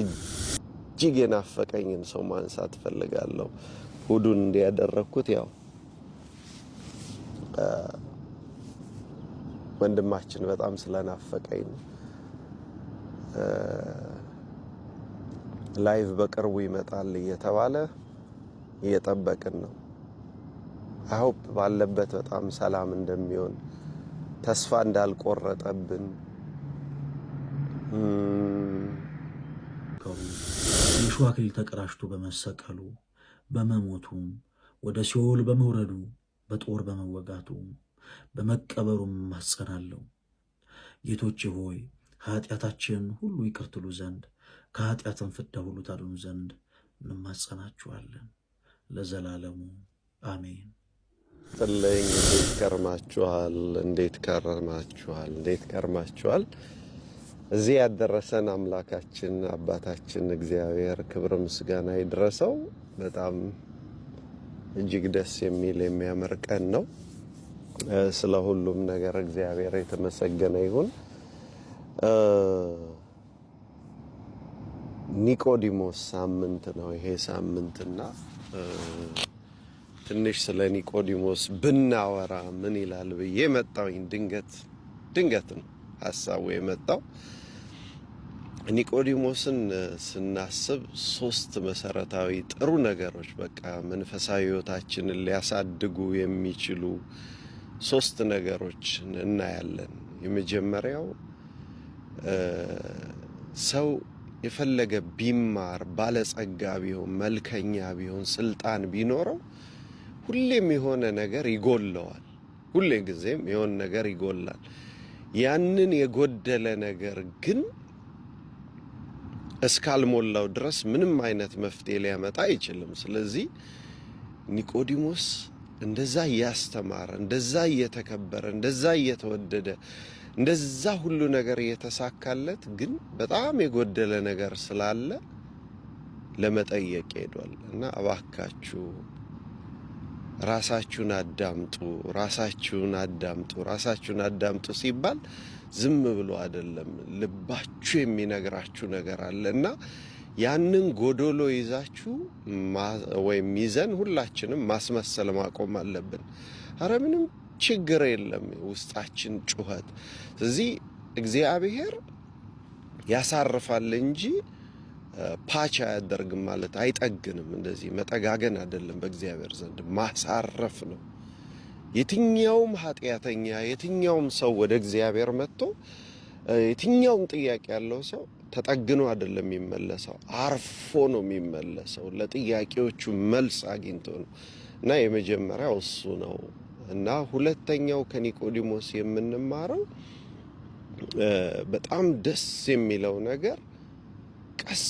እጅግ የናፈቀኝን ሰው ማንሳት ፈልጋለሁ። ሁዱን እንዲያደረግኩት ያው ወንድማችን በጣም ስለናፈቀኝ ላይቭ በቅርቡ ይመጣል እየተባለ እየጠበቅን ነው። አይሆፕ ባለበት በጣም ሰላም እንደሚሆን ተስፋ እንዳልቆረጠብን የሾህ አክሊል ተቀራሽቶ በመሰቀሉ በመሞቱም ወደ ሲኦል በመውረዱ በጦር በመወጋቱም በመቀበሩም ማጸናለሁ። ጌቶቼ ሆይ ከኃጢአታችን ሁሉ ይቅርትሉ ዘንድ ከኃጢአትን ፍዳ ሁሉ ታድኑ ዘንድ እንማጸናችኋለን ለዘላለሙ አሜን። ጥለኝ እንዴት ከርማችኋል? እንዴት ከርማችኋል? እንዴት ከርማችኋል? እዚህ ያደረሰን አምላካችን አባታችን እግዚአብሔር ክብር ምስጋና ይድረሰው። በጣም እጅግ ደስ የሚል የሚያምር ቀን ነው። ስለ ሁሉም ነገር እግዚአብሔር የተመሰገነ ይሁን። ኒቆዲሞስ ሳምንት ነው ይሄ ሳምንትና ትንሽ ስለ ኒቆዲሞስ ብናወራ ምን ይላል ብዬ መጣሁኝ። ድንገት ድንገት ነው ሀሳቡ የመጣው። ኒቆዲሞስን ስናስብ ሶስት መሰረታዊ ጥሩ ነገሮች በቃ መንፈሳዊ ህይወታችንን ሊያሳድጉ የሚችሉ ሶስት ነገሮች እናያለን። የመጀመሪያው ሰው የፈለገ ቢማር፣ ባለጸጋ ቢሆን፣ መልከኛ ቢሆን፣ ስልጣን ቢኖረው ሁሌም የሆነ ነገር ይጎለዋል። ሁሌ ጊዜም የሆነ ነገር ይጎላል። ያንን የጎደለ ነገር ግን እስካልሞላው ድረስ ምንም አይነት መፍትሄ ሊያመጣ አይችልም። ስለዚህ ኒቆዲሞስ እንደዛ እያስተማረ እንደዛ እየተከበረ እንደዛ እየተወደደ እንደዛ ሁሉ ነገር እየተሳካለት ግን በጣም የጎደለ ነገር ስላለ ለመጠየቅ ሄዷል እና እባካችሁ ራሳችሁን አዳምጡ፣ ራሳችሁን አዳምጡ፣ ራሳችሁን አዳምጡ ሲባል ዝም ብሎ አይደለም። ልባችሁ የሚነግራችሁ ነገር አለ እና ያንን ጎዶሎ ይዛችሁ ወይም ይዘን ሁላችንም ማስመሰል ማቆም አለብን። አረ ምንም ችግር የለም ውስጣችን ጩኸት። ስለዚህ እግዚአብሔር ያሳርፋል እንጂ ፓች አያደርግም ማለት አይጠግንም። እንደዚህ መጠጋገን አይደለም፣ በእግዚአብሔር ዘንድ ማሳረፍ ነው። የትኛውም ኃጢአተኛ፣ የትኛውም ሰው ወደ እግዚአብሔር መጥቶ የትኛውም ጥያቄ ያለው ሰው ተጠግኖ አይደለም የሚመለሰው፣ አርፎ ነው የሚመለሰው። ለጥያቄዎቹ መልስ አግኝቶ ነው እና የመጀመሪያው እሱ ነው እና ሁለተኛው ከኒቆዲሞስ የምንማረው በጣም ደስ የሚለው ነገር ቀስ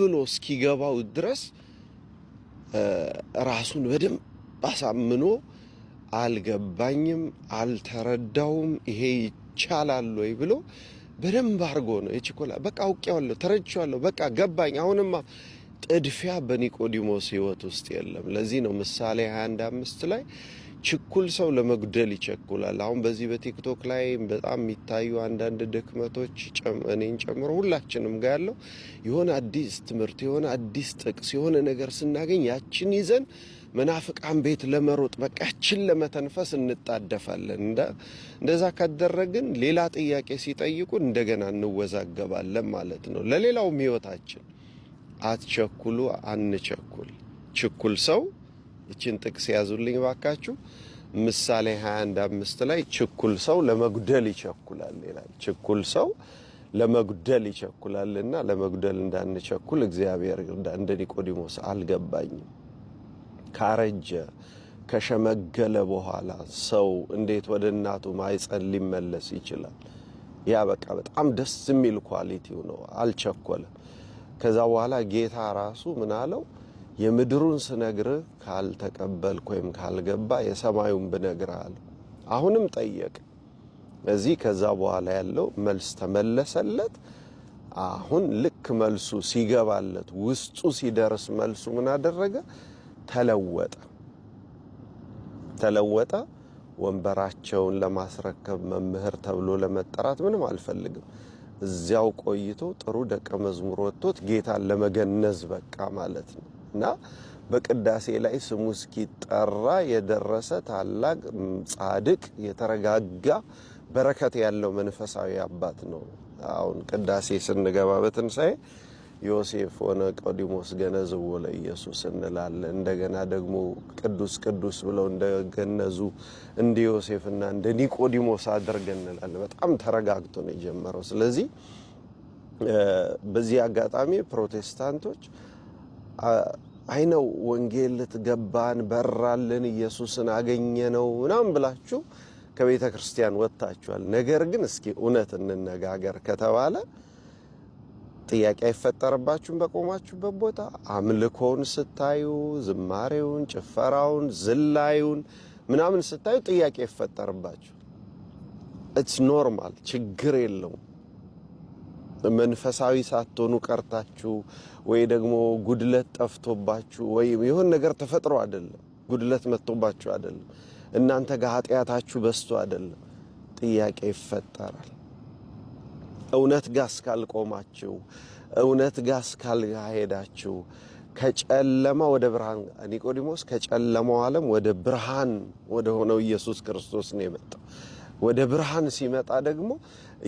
ብሎ እስኪገባው ድረስ ራሱን በደንብ አሳምኖ አልገባኝም፣ አልተረዳውም፣ ይሄ ይቻላል ወይ ብሎ በደንብ አድርጎ ነው የችኮላ በቃ አውቄዋለሁ፣ ተረድቼዋለሁ፣ በቃ ገባኝ። አሁንማ ጥድፊያ በኒቆዲሞስ ህይወት ውስጥ የለም። ለዚህ ነው ምሳሌ 21 አምስት ላይ ችኩል ሰው ለመጉደል ይቸኩላል። አሁን በዚህ በቲክቶክ ላይ በጣም የሚታዩ አንዳንድ ድክመቶች እኔን ጨምሮ ሁላችንም ጋር ያለው የሆነ አዲስ ትምህርት፣ የሆነ አዲስ ጥቅስ፣ የሆነ ነገር ስናገኝ ያችን ይዘን መናፍቃን ቤት ለመሮጥ በቃ ያችን ለመተንፈስ እንጣደፋለን። እንደዛ ካደረግን ሌላ ጥያቄ ሲጠይቁ እንደገና እንወዛገባለን ማለት ነው። ለሌላውም ህይወታችን አትቸኩሉ፣ አንቸኩል። ችኩል ሰው እችን ጥቅስ ያዙልኝ ባካችሁ። ምሳሌ 21 አምስት ላይ ችኩል ሰው ለመጉደል ይቸኩላል ይላል። ችኩል ሰው ለመጉደል ይቸኩላል እና ለመጉደል እንዳንቸኩል እግዚአብሔር እንደ ኒቆዲሞስ አልገባኝም። ካረጀ ከሸመገለ በኋላ ሰው እንዴት ወደ እናቱ ማይጸን ሊመለስ ይችላል? ያ በቃ በጣም ደስ የሚል ኳሊቲው ነው። አልቸኮለም። ከዛ በኋላ ጌታ ራሱ ምን አለው? የምድሩን ስነግርህ ካልተቀበልክ ወይም ካልገባ የሰማዩን ብነግርህ አለ። አሁንም ጠየቅ። እዚህ ከዛ በኋላ ያለው መልስ ተመለሰለት። አሁን ልክ መልሱ ሲገባለት ውስጡ ሲደርስ መልሱ ምን አደረገ? ተለወጠ ተለወጠ። ወንበራቸውን ለማስረከብ መምህር ተብሎ ለመጠራት ምንም አልፈልግም። እዚያው ቆይቶ ጥሩ ደቀ መዝሙር ወጥቶት ጌታን ለመገነዝ በቃ ማለት ነው። እና በቅዳሴ ላይ ስሙ እስኪጠራ የደረሰ ታላቅ ጻድቅ የተረጋጋ በረከት ያለው መንፈሳዊ አባት ነው። አሁን ቅዳሴ ስንገባ በትንሣኤ ዮሴፍ ሆነ ቆዲሞስ ገነዝዎ ለኢየሱስ እንላለን። እንደገና ደግሞ ቅዱስ ቅዱስ ብለው እንደገነዙ እንደ ዮሴፍና እንደ ኒቆዲሞስ አድርገን እንላለን። በጣም ተረጋግቶ ነው የጀመረው። ስለዚህ በዚህ አጋጣሚ ፕሮቴስታንቶች አይነው ወንጌል ልትገባን በራልን ኢየሱስን ነው ምናምን ብላችሁ ከቤተ ክርስቲያን ወጥታችኋል። ነገር ግን እስኪ እውነት እንነጋገር ከተባለ ጥያቄ አይፈጠርባችሁም? በቆማችሁበት ቦታ አምልኮውን ስታዩ፣ ዝማሬውን፣ ጭፈራውን፣ ዝላዩን ምናምን ስታዩ ጥያቄ ይፈጠርባችሁ። ኢትስ ኖርማል፣ ችግር የለውም። መንፈሳዊ ሳትሆኑ ቀርታችሁ ወይ ደግሞ ጉድለት ጠፍቶባችሁ ወይ የሆን ነገር ተፈጥሮ አይደለም፣ ጉድለት መጥቶባችሁ አይደለም፣ እናንተ ጋር ኃጢአታችሁ በዝቶ አይደለም። ጥያቄ ይፈጠራል። እውነት ጋር እስካልቆማችሁ፣ እውነት ጋር እስካልሄዳችሁ ከጨለማ ወደ ብርሃን ኒቆዲሞስ ከጨለማው ዓለም ወደ ብርሃን ወደ ሆነው ኢየሱስ ክርስቶስ ነው የመጣው። ወደ ብርሃን ሲመጣ ደግሞ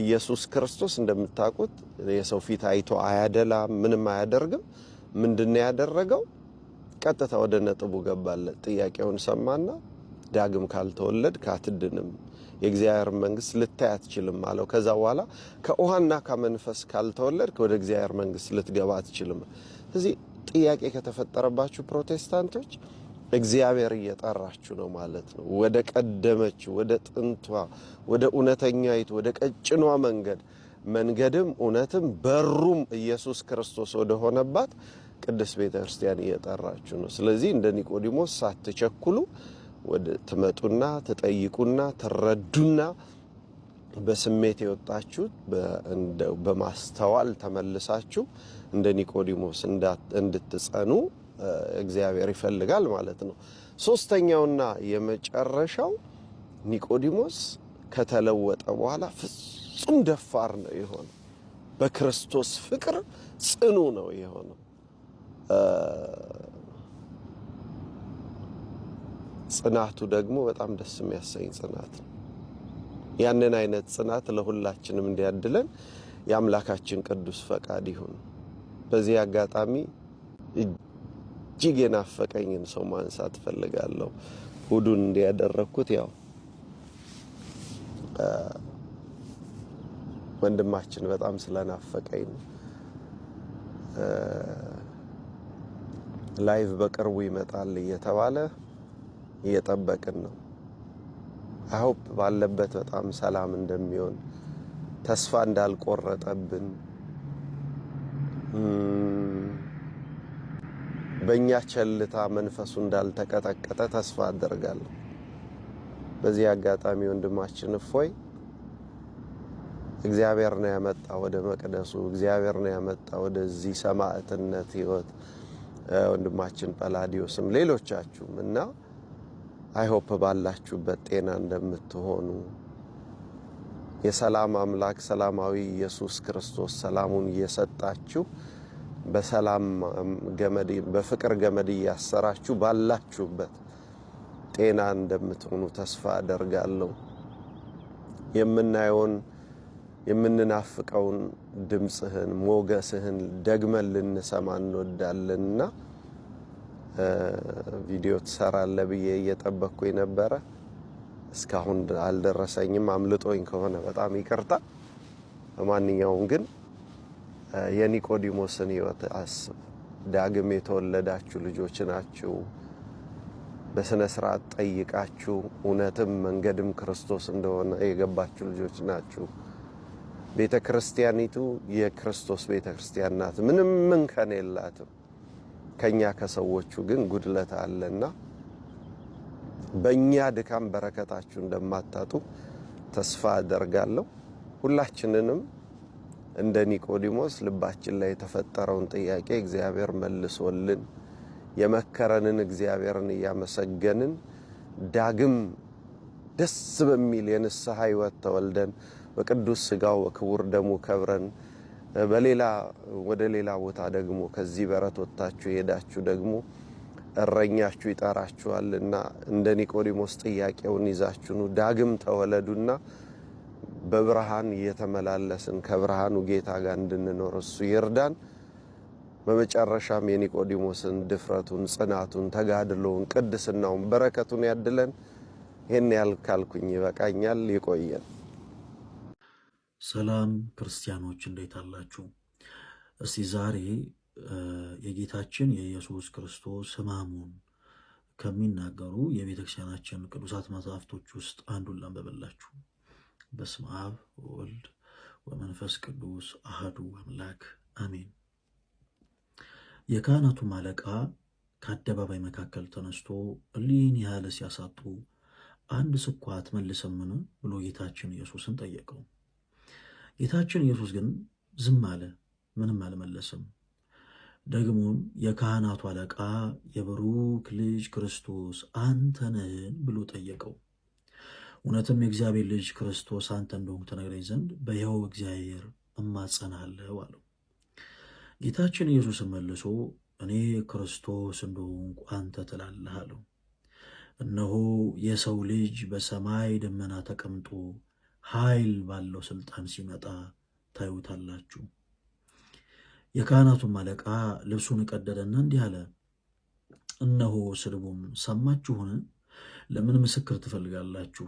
ኢየሱስ ክርስቶስ እንደምታውቁት የሰው ፊት አይቶ አያደላም፣ ምንም አያደርግም። ምንድን ያደረገው? ቀጥታ ወደ ነጥቡ ገባለት። ጥያቄውን ሰማና ዳግም ካልተወለድክ አትድንም፣ የእግዚአብሔር መንግስት ልታይ አትችልም አለው። ከዛ በኋላ ከውሃና ከመንፈስ ካልተወለድክ ወደ እግዚአብሔር መንግስት ልትገባ አትችልም። ስለዚህ ጥያቄ ከተፈጠረባችሁ ፕሮቴስታንቶች እግዚአብሔር እየጠራችሁ ነው ማለት ነው። ወደ ቀደመች፣ ወደ ጥንቷ፣ ወደ እውነተኛይቱ፣ ወደ ቀጭኗ መንገድ መንገድም እውነትም በሩም ኢየሱስ ክርስቶስ ወደሆነባት ቅድስት ቤተ ክርስቲያን እየጠራችሁ ነው። ስለዚህ እንደ ኒቆዲሞስ ሳትቸኩሉ ወደ ትመጡና ትጠይቁና ትረዱና በስሜት የወጣችሁት በማስተዋል ተመልሳችሁ እንደ ኒቆዲሞስ እንድትጸኑ እግዚአብሔር ይፈልጋል ማለት ነው። ሶስተኛውና የመጨረሻው ኒቆዲሞስ ከተለወጠ በኋላ ፍጹም ደፋር ነው የሆነው። በክርስቶስ ፍቅር ጽኑ ነው የሆነው። ጽናቱ ደግሞ በጣም ደስ የሚያሰኝ ጽናት ነው። ያንን አይነት ጽናት ለሁላችንም እንዲያድለን የአምላካችን ቅዱስ ፈቃድ ይሁን። በዚህ አጋጣሚ እጅግ የናፈቀኝን ሰው ማንሳት ፈልጋለሁ። እሁዱን እንዲያደረግኩት ያው ወንድማችን በጣም ስለናፈቀኝ ላይቭ በቅርቡ ይመጣል እየተባለ እየጠበቅን ነው። አይሆፕ ባለበት በጣም ሰላም እንደሚሆን ተስፋ እንዳልቆረጠብን በእኛ ቸልታ መንፈሱ እንዳልተቀጠቀጠ ተስፋ አደርጋለሁ። በዚህ አጋጣሚ ወንድማችን እፎይ እግዚአብሔር ነው ያመጣ ወደ መቅደሱ፣ እግዚአብሔር ነው ያመጣ ወደዚህ ሰማዕትነት ህይወት ወንድማችን ጳላዲዮስም ሌሎቻችሁም እና አይሆፕ ባላችሁበት ጤና እንደምትሆኑ የሰላም አምላክ ሰላማዊ ኢየሱስ ክርስቶስ ሰላሙን እየሰጣችሁ በሰላም ገመድ በፍቅር ገመድ እያሰራችሁ ባላችሁበት ጤና እንደምትሆኑ ተስፋ አደርጋለሁ። የምናየውን የምንናፍቀውን ድምፅህን ሞገስህን ደግመን ልንሰማ እንወዳለን እና ቪዲዮ ትሰራለ ብዬ እየጠበቅኩ ነበረ። እስካሁን አልደረሰኝም። አምልጦኝ ከሆነ በጣም ይቅርታ። በማንኛውም ግን የኒቆዲሞስን ህይወት አስብ። ዳግም የተወለዳችሁ ልጆች ናችሁ፣ በሥነ ሥርዓት ጠይቃችሁ እውነትም መንገድም ክርስቶስ እንደሆነ የገባችሁ ልጆች ናችሁ። ቤተ ክርስቲያኒቱ የክርስቶስ ቤተ ክርስቲያን ናት። ምንም እንከን የላትም። ከኛ ከሰዎቹ ግን ጉድለት አለና በእኛ ድካም በረከታችሁ እንደማታጡ ተስፋ አደርጋለሁ። ሁላችንንም እንደ ኒቆዲሞስ ልባችን ላይ የተፈጠረውን ጥያቄ እግዚአብሔር መልሶልን የመከረንን እግዚአብሔርን እያመሰገንን ዳግም ደስ በሚል የንስሐ ሕይወት ተወልደን በቅዱስ ስጋው በክቡር ደሙ ከብረን በሌላ ወደ ሌላ ቦታ ደግሞ ከዚህ በረት ወጥታችሁ የሄዳችሁ ደግሞ እረኛችሁ ይጠራችኋልና እንደ ኒቆዲሞስ ጥያቄውን ይዛችሁኑ ዳግም ተወለዱና በብርሃን እየተመላለስን ከብርሃኑ ጌታ ጋር እንድንኖር እሱ ይርዳን። በመጨረሻም የኒቆዲሞስን ድፍረቱን፣ ጽናቱን፣ ተጋድሎውን፣ ቅድስናውን፣ በረከቱን ያድለን። ይህን ያልካልኩኝ ካልኩኝ ይበቃኛል። ይቆየን። ሰላም ክርስቲያኖች፣ እንዴት አላችሁ? እስቲ ዛሬ የጌታችን የኢየሱስ ክርስቶስ ሕማሙን ከሚናገሩ የቤተክርስቲያናችን ቅዱሳት መጽሐፍቶች ውስጥ አንዱን ላንብብላችሁ። በስመ አብ ወወልድ ወመንፈስ ቅዱስ አህዱ አምላክ አሜን። የካህናቱ አለቃ ከአደባባይ መካከል ተነስቶ እሊህን ያህል ሲያሳጡ አንድ ስኳ አትመልስምን ብሎ ጌታችን ኢየሱስን ጠየቀው። ጌታችን ኢየሱስ ግን ዝም አለ፣ ምንም አልመለስም። ደግሞም የካህናቱ አለቃ የብሩክ ልጅ ክርስቶስ አንተ ነህን ብሎ ጠየቀው። እውነትም የእግዚአብሔር ልጅ ክርስቶስ አንተ እንደሆንክ ተነግረኝ ዘንድ በሕያው እግዚአብሔር እማጸናለሁ አለው። ጌታችን ኢየሱስ መልሶ እኔ ክርስቶስ እንደሆንኩ አንተ ትላለህ አለው። እነሆ የሰው ልጅ በሰማይ ደመና ተቀምጦ ኃይል ባለው ስልጣን ሲመጣ ታዩታላችሁ። የካህናቱም አለቃ ልብሱን ቀደደና እንዲህ አለ፣ እነሆ ስድቡን ሰማችሁን? ለምን ምስክር ትፈልጋላችሁ?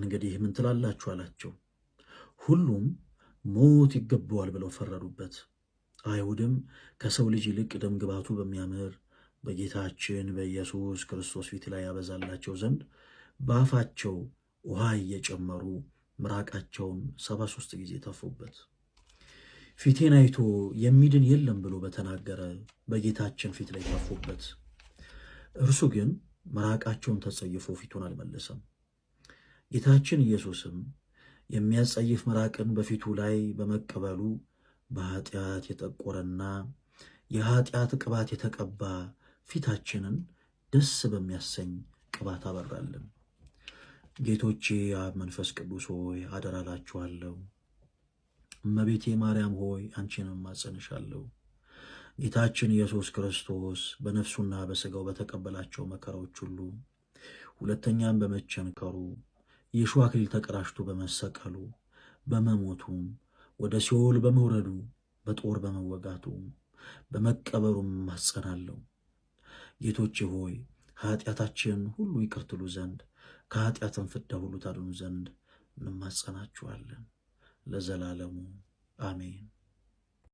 እንግዲህ ምን ትላላችሁ አላቸው። ሁሉም ሞት ይገባዋል ብለው ፈረዱበት። አይሁድም ከሰው ልጅ ይልቅ ደም ግባቱ በሚያምር በጌታችን በኢየሱስ ክርስቶስ ፊት ላይ ያበዛላቸው ዘንድ በአፋቸው ውሃ እየጨመሩ ምራቃቸውን ሰባ ሦስት ጊዜ ተፉበት። ፊቴን አይቶ የሚድን የለም ብሎ በተናገረ በጌታችን ፊት ላይ ተፉበት። እርሱ ግን ምራቃቸውን ተጸይፎ ፊቱን አልመለሰም። ጌታችን ኢየሱስም የሚያጸይፍ ምራቅን በፊቱ ላይ በመቀበሉ በኃጢአት የጠቆረና የኃጢአት ቅባት የተቀባ ፊታችንን ደስ በሚያሰኝ ቅባት አበራልን። ጌቶቼ አብ መንፈስ ቅዱስ ሆይ አደራላችኋለሁ። መቤቴ እመቤቴ ማርያም ሆይ አንቺንም ማጸንሻለሁ። ጌታችን ኢየሱስ ክርስቶስ በነፍሱና በሥጋው በተቀበላቸው መከራዎች ሁሉ ሁለተኛም በመቸንከሩ የእሾህ አክሊል ተቀራሽቶ በመሰቀሉ በመሞቱም ወደ ሲኦል በመውረዱ በጦር በመወጋቱም በመቀበሩም ማጸናለሁ። ጌቶቼ ሆይ ከኃጢአታችን ሁሉ ይቅርትሉ ዘንድ ከኃጢአትን ፍዳ ሁሉ ታድኑ ዘንድ እንማጸናችኋለን። ለዘላለሙ አሜን።